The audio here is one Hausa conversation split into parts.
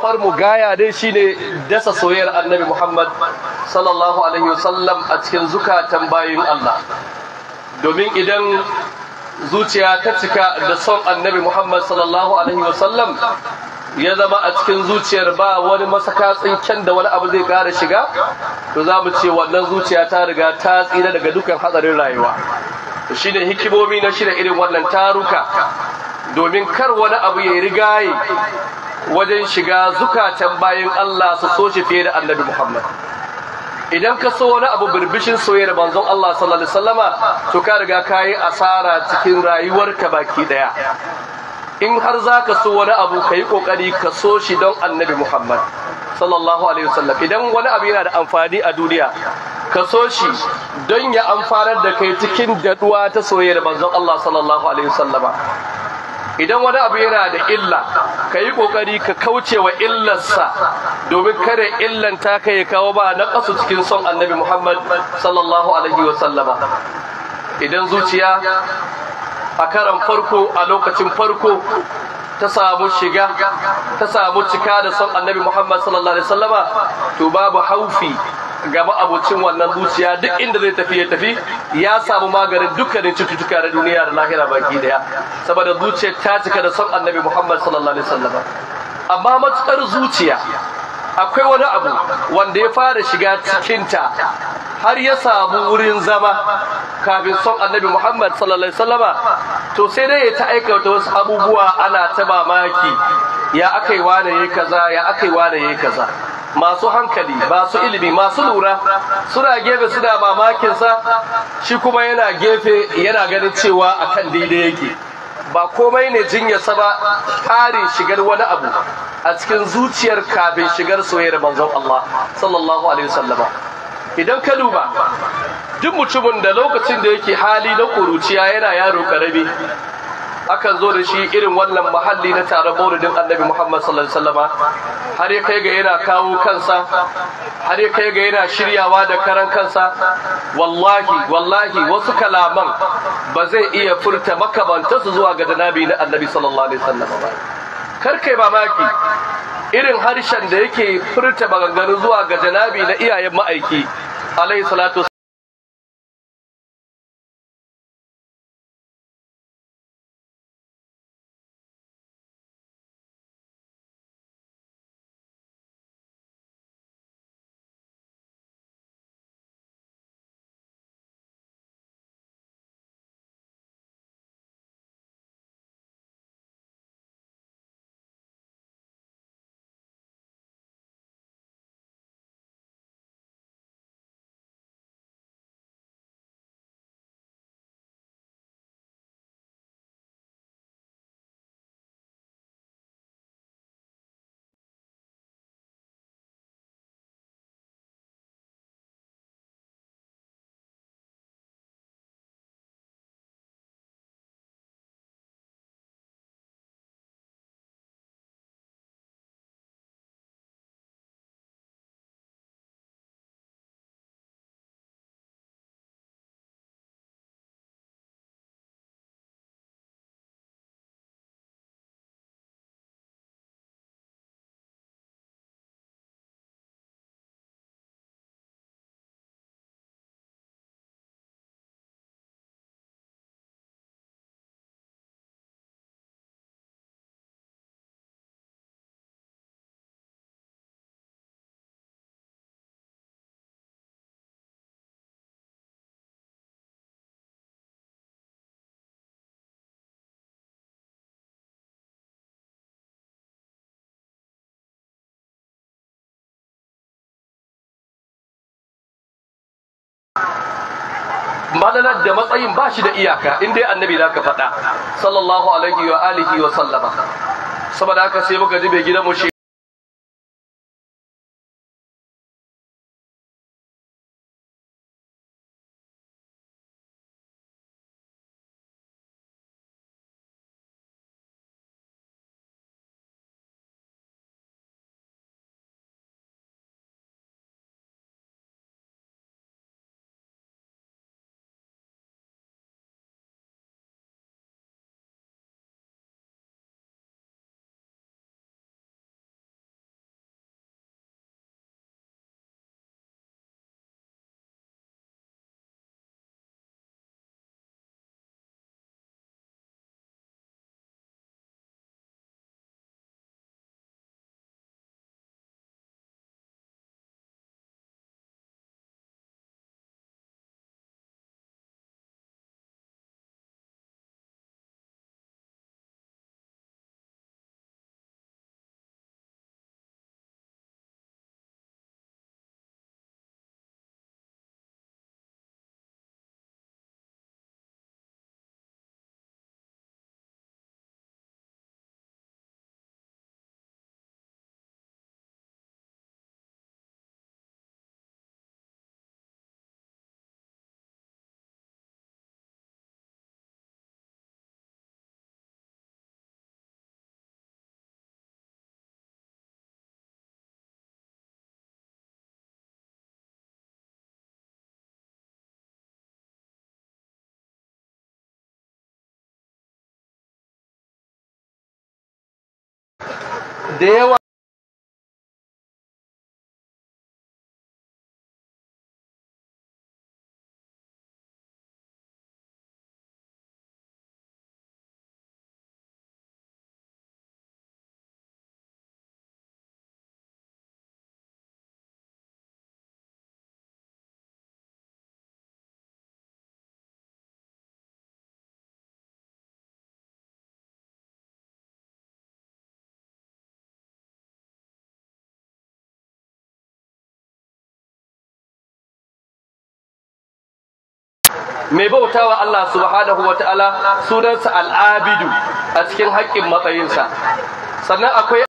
Far mu gaya dai shine dasa soyayyar Annabi Muhammad sallallahu alaihi wasallam a cikin zukatan bayin Allah. Domin idan zuciya ta cika da son Annabi Muhammad sallallahu alaihi wasallam ya zama a cikin zuciyar ba wani masaka tsinken da wani abu zai kara shiga to za mu ce wannan zuciya ta riga ta tsira daga dukkan hatsarin rayuwa shi ne hikimomi na shirya irin wannan taruka domin kar wani abu ya rigaye wajen shiga zukatan bayan Allah su so shi fiye da annabi Muhammad idan ka so wani abu birbishin soyayyar manzon Allah sallallahu alaihi wasallama to ka riga ka yi asara cikin rayuwarka baki daya in har za ka so wani abu ka yi kokari ka so shi don annabi Muhammad sallallahu alaihi wasallam idan wani abu yana da amfani a duniya ka so shi don ya amfanar da kai cikin daduwa ta soyayyar manzon Allah sallallahu alaihi wasallama idan wani abu yana da illa ka yi kokari ka kauce wa illarsa domin kare illan ta kai kawo ba na kasu cikin son annabi muhammad sallallahu alaihi Wasallama. idan zuciya a karan farko a lokacin farko ta samu shiga ta samu cika da son annabi muhammad sallallahu alaihi wasallama to babu haufi gaba abocin wannan zuciya duk inda zai tafi ya tafi ya samu maganin dukkanin cututtuka na duniya da lahira baki daya saboda zuciyar ta cika da son annabi muhammad sallallahu alaihi wasallam amma matukar zuciya akwai wani abu wanda ya fara shiga cikinta har ya samu wurin zama kafin son annabi muhammad sallallahu alaihi to sai dai ya ta aikata wasu abubuwa ana ta mamaki ya aka yi wane ya kaza ya aka wane ya kaza masu hankali masu ilimi masu lura suna gefe suna mamakinsa shi kuma yana gefe yana ganin cewa akan daidai yake ba komai ne jinyarsa ba kare shigar wani abu a cikin zuciyar kafin shigar soyayyar manzon Allah sallallahu alaihi wasallama idan ka duba duk mutumin da lokacin da yake hali na kuruciya yana yaro karami akan zo da shi irin wannan mahalli na taron maulidin annabi muhammad sallallahu alaihi wasallama har ya kai ga yana kawo kansa har ya kai ga yana shiryawa da karan kansa wallahi wallahi wasu kalaman ba zai iya furta makabanta su zuwa ga danabi na annabi sallallahu alaihi wasallama kar kai mamaki irin harshen da yake furta maganganu zuwa ga janabi na iyayen ma'aiki alaihi salatu malalar da matsayin ba shi da iyaka in dai annabi za ka faɗa sallallahu alaihi wa alihi wa sallama saboda haka sai muka ji bai gidan mu deu mai bauta wa Allah subhanahu wa ta'ala sunansa al'abidu a cikin haƙƙin matsayinsa sannan akwai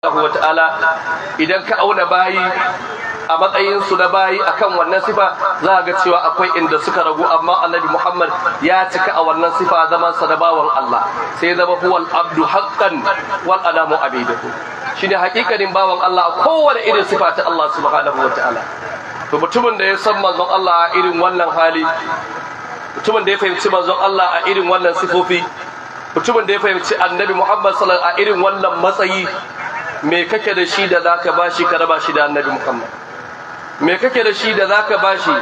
subhanahu wata'ala idan ka auna bayi a matsayinsu na bayi akan wannan sifa za ga cewa akwai inda suka ragu amma annabi muhammad ya cika a wannan sifa zaman sa da bawan allah sai zama huwal abdu haqqan wal adamu abidahu shine hakikanin bawan allah a kowane irin sifa ta allah subhanahu wata'ala to mutumin da ya san manzon allah a irin wannan hali mutumin da ya fahimci manzon allah a irin wannan sifofi mutumin da ya fahimci annabi muhammad sallallahu a irin wannan matsayi me kake da shi da ba shi ka raba shi da annabi muhammad me kake da shi da zaka bashi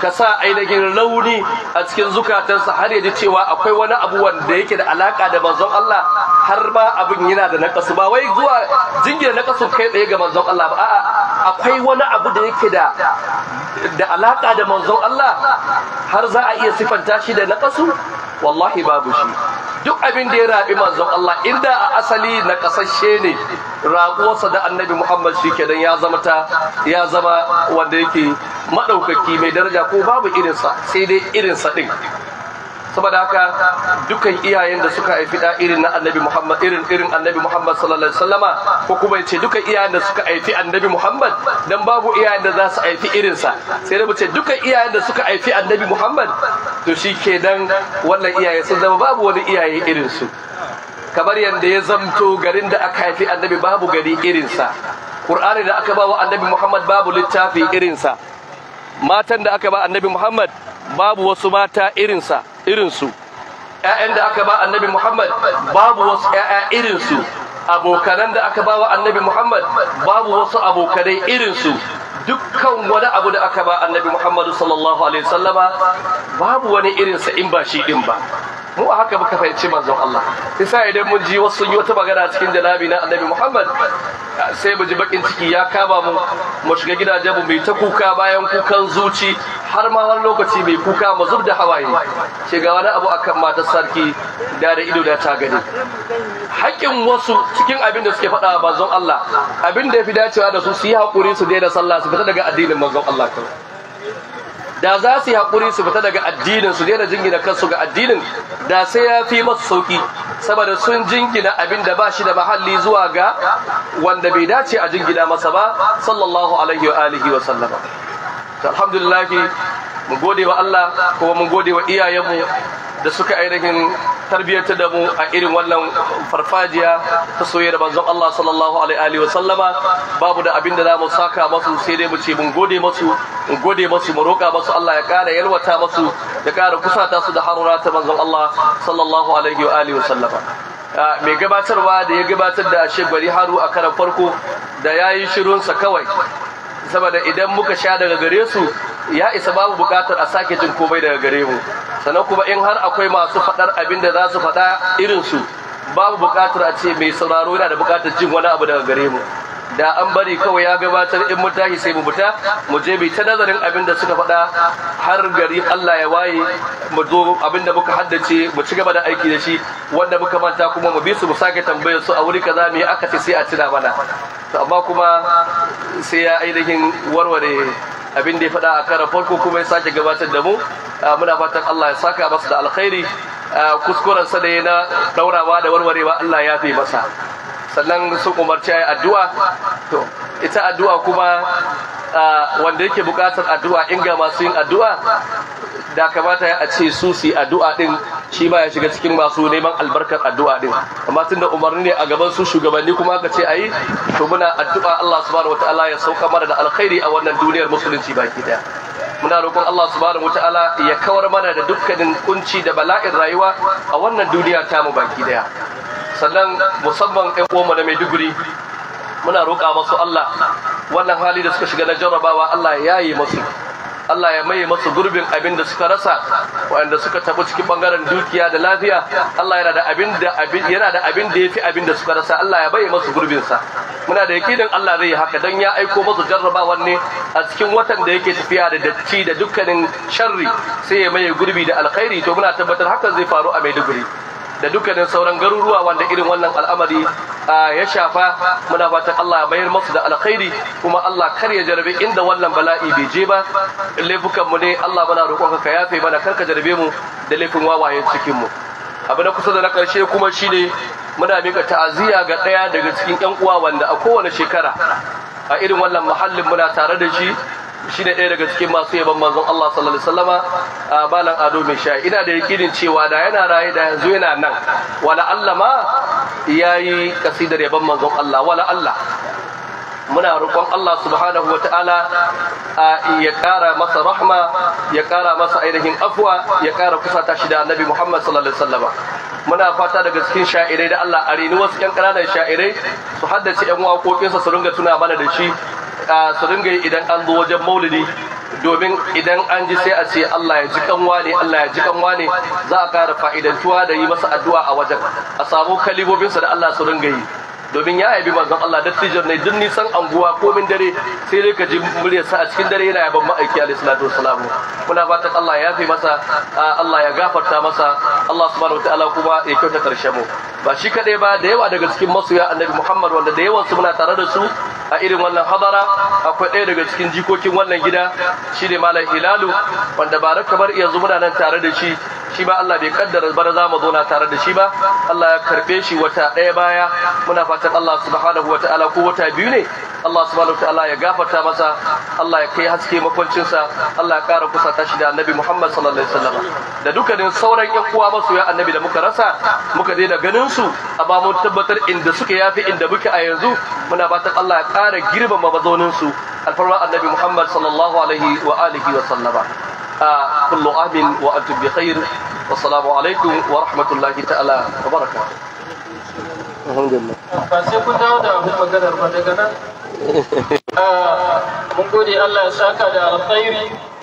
ka sa ainihin rauni a cikin zukatansa har ya ji cewa akwai wani abu wanda yake da alaka da manzon Allah har ma abin yana da nakasu ba wai zuwa jingina nakasu kai tsaye ga manzon Allah ba a'a akwai wani abu da yake da da alaka da manzon Allah har za a iya sifanta shi da nakasu wallahi babu shi duk abin da ya rabi manzon Allah inda a asali nakasashe ne raƙuwarsa da annabi muhammad shi kenan ya zama ta ya zama wanda yake maɗaukaki mai daraja ko babu irinsa sai dai irinsa ɗin saboda haka dukkan iyayen da suka haifi da irin na annabi muhammad irin irin annabi muhammad sallallahu alaihi wasallama ko kuma yace dukkan iyayen da suka haifi annabi muhammad dan babu iyayen da za su haifi irin sa sai da ce dukkan iyayen da suka haifi annabi muhammad to shi ke dan wannan iyaye sun zama babu wani iyaye irin su kamar yadda ya zamto garin da aka haifi annabi babu gari irinsa ƙur'ani da aka ba wa annabi muhammad babu littafi irinsa matan da aka ba annabi muhammad babu wasu mata irinsa irinsu ‘ya'yan da aka ba annabi muhammad babu wasu ‘ya'ya irinsu abokanan da aka ba wa annabi muhammad babu wasu abokanai irinsu dukkan wani abu da aka ba annabi muhammadu sallallahu alaihi sallama babu wani irinsa in ba shi din ba mu a haka muka fahimci manzon Allah yasa idan mun ji wasu yi wata magana cikin janabi na annabi Muhammad sai mu ji bakin ciki ya kama mu mu shiga gidaje mu mai ta kuka bayan kukan zuci har ma har lokaci mai kuka mu zub da hawaye ce ga wani abu akan matar sarki da da ido da ta gani haƙƙin wasu cikin abin da suke faɗa manzon Allah abin da ya fi dacewa da su su yi haƙuri su daina sallah su fita daga addinin manzon Allah da za su yi haƙuri su fita daga addinin su daina jingina kansu ga addinin da sai ya fi masu sauƙi saboda sun jingina abin da ba shi da mahalli zuwa ga wanda bai dace a jingina masa ba sallallahu alaihi wa alihi wa sallama alhamdulillah mu gode wa Allah kuma mu gode wa iyayenmu da suka ainihin tarbiyyar da mu a irin wannan farfajiya ta soyayyar manzon Allah sallallahu alaihi wa sallama babu da abin da za mu saka masu sai dai mu ce mun gode masu in gode masu mu roƙa masu Allah ya ƙara yalwata masu ya ƙara kusata su da haruna ta manzon Allah sallallahu alaihi wa alihi wa sallama ah, mai gabatarwa da ya gabatar da ashe bari haru a karan farko da yayi shirunsa kawai saboda idan muka sha daga gare su ya isa babu bukatar a sake jin komai daga gare mu sannan kuma in har akwai masu faɗar abin da za su faɗa su, babu bukatar a ce mai sauraro yana da bukatar jin wani abu daga gare mu da an bari kawai ya gabatar in mu sai mu fita mu je bi ta nazarin abin da suka faɗa har gari Allah ya waye mu zo abin da muka haddace mu ci gaba da aiki da shi wanda muka manta kuma mu bi su mu sake tambayar su a wuri kaza me aka ce sai a tuna mana to amma kuma sai ya ainihin warware abin da ya faɗa a karan farko kuma ya sake gabatar da mu Ah, muna fatan Allah ya saka masa da alkhairi ah, kuskuren sa da ya na daurawa da warwarewa Allah ya fi masa sannan sun umarci ayi addu'a to ita addu'a kuma ah, wanda yake bukatar addu'a in ga masu yin addu'a da kamata a ce su su addu'a din shi ma ya shiga cikin masu neman albarkar addu'a din amma tun da umarni ne a gaban su shugabanni kuma ka ce ayi to muna addu'a Allah subhanahu wataala ya sauka mana da alkhairi a wannan duniyar musulunci baki daya muna roƙon Allah subhanahu wataala ya kawar mana da dukkanin kunci da bala'in rayuwa a wannan duniya ta mu baki daya sannan musamman ɗan uwanmu na Maiduguri muna roƙa masu Allah wannan hali da suka shiga na jarrabawa Allah ya yi masu Allah ya maye masu gurbin abin da suka rasa waɗanda suka tabu cikin bangaren dukiya da lafiya Allah yana da abin da abin yana da abin da yafi abin da suka rasa Allah ya bai masu gurbin sa muna da yakinin Allah zai yi haka don ya aiko masu jarrabawan ne a cikin watan da yake tafiya da datti da dukkanin sharri sai ya maye gurbi da alkhairi to muna tabbatar hakan zai faru a Maiduguri da dukkanin sauran garuruwa wanda irin wannan al'amari ya shafa muna fatan Allah ya mayar masu da alkhairi kuma Allah kar ya jarabe inda wannan bala'i bai je ba laifukan mu ne Allah muna roƙon ka yafe mana kar ka jarabe mu da laifin wawayen cikin mu abu na kusa da na ƙarshe kuma shine muna mika ta'aziyya ga ɗaya daga cikin 'yan uwa wanda a kowane shekara a irin wannan muhallin muna tare da shi shi ne ɗaya daga cikin masu yaban manzon Allah sallallahu alaihi wasallam a balan ado mai sha ina da yakinin cewa da yana raye da yanzu yana nan wala Allah ma yayi kasidar yaban manzon Allah wala Allah muna roƙon Allah subhanahu wa ta'ala ya ƙara masa rahma ya ƙara masa ainihin afwa ya ƙara kusata shi da annabi Muhammad sallallahu alaihi wasallam muna fata daga cikin sha'irai da Allah a reni wasu ƴan ƙananan sha'irai su haddace ƴan waƙoƙinsa su ringa tuna mana da shi su ringa yi idan an zo wajen maulidi domin idan an ji sai a ce Allah ya ji kanwa ne Allah ya ji kanwa ne za a ƙara fa'idantuwa da yi masa addu'a a wajen a samu kalibobinsa da Allah su ringa yi domin ya yabi manzon Allah dattijon ne duk nisan anguwa komin dare sai dai ka ji muryarsa a cikin dare yana yaban ma'aiki alaihi salatu wassalam Kuna fatan Allah ya fi masa Allah ya gafarta masa Allah subhanahu wataala kuma ya kyauta karshe mu ba shi kadai ba da yawa daga cikin masoya annabi Muhammad wanda da yawan su muna tare da su a irin wannan hadara akwai ɗaya daga cikin jikokin wannan gida ne malam Hilalu wanda ba kamar iya muna nan tare da shi shi ba Allah bai kaddara bana za mu zauna tare da shi ba Allah ya karbe shi wata ɗaya baya muna fatan Allah subhanahu wa ta'ala ko wata biyu ne Allah subhanahu wa ta'ala ya gafarta masa Allah ya kai haske sa. Allah ya ƙara kusata shi da annabi Muhammad sallallahu alaihi wasallam da dukkanin sauran ƴan uwa ya annabi da muka rasa muka daina ganin su A amma mun tabbatar inda suka yafi inda muke a yanzu muna fatan Allah ya kara girbin mabazonin su alfarma annabi Muhammad sallallahu alaihi wa alihi wa sallama kullu amin wa antum bi khair wassalamu wa rahmatullahi ta'ala wa barakatuh alhamdulillah ba kun dawo da abin maganar ba daga ah, mun gode Allah ya saka da alkhairi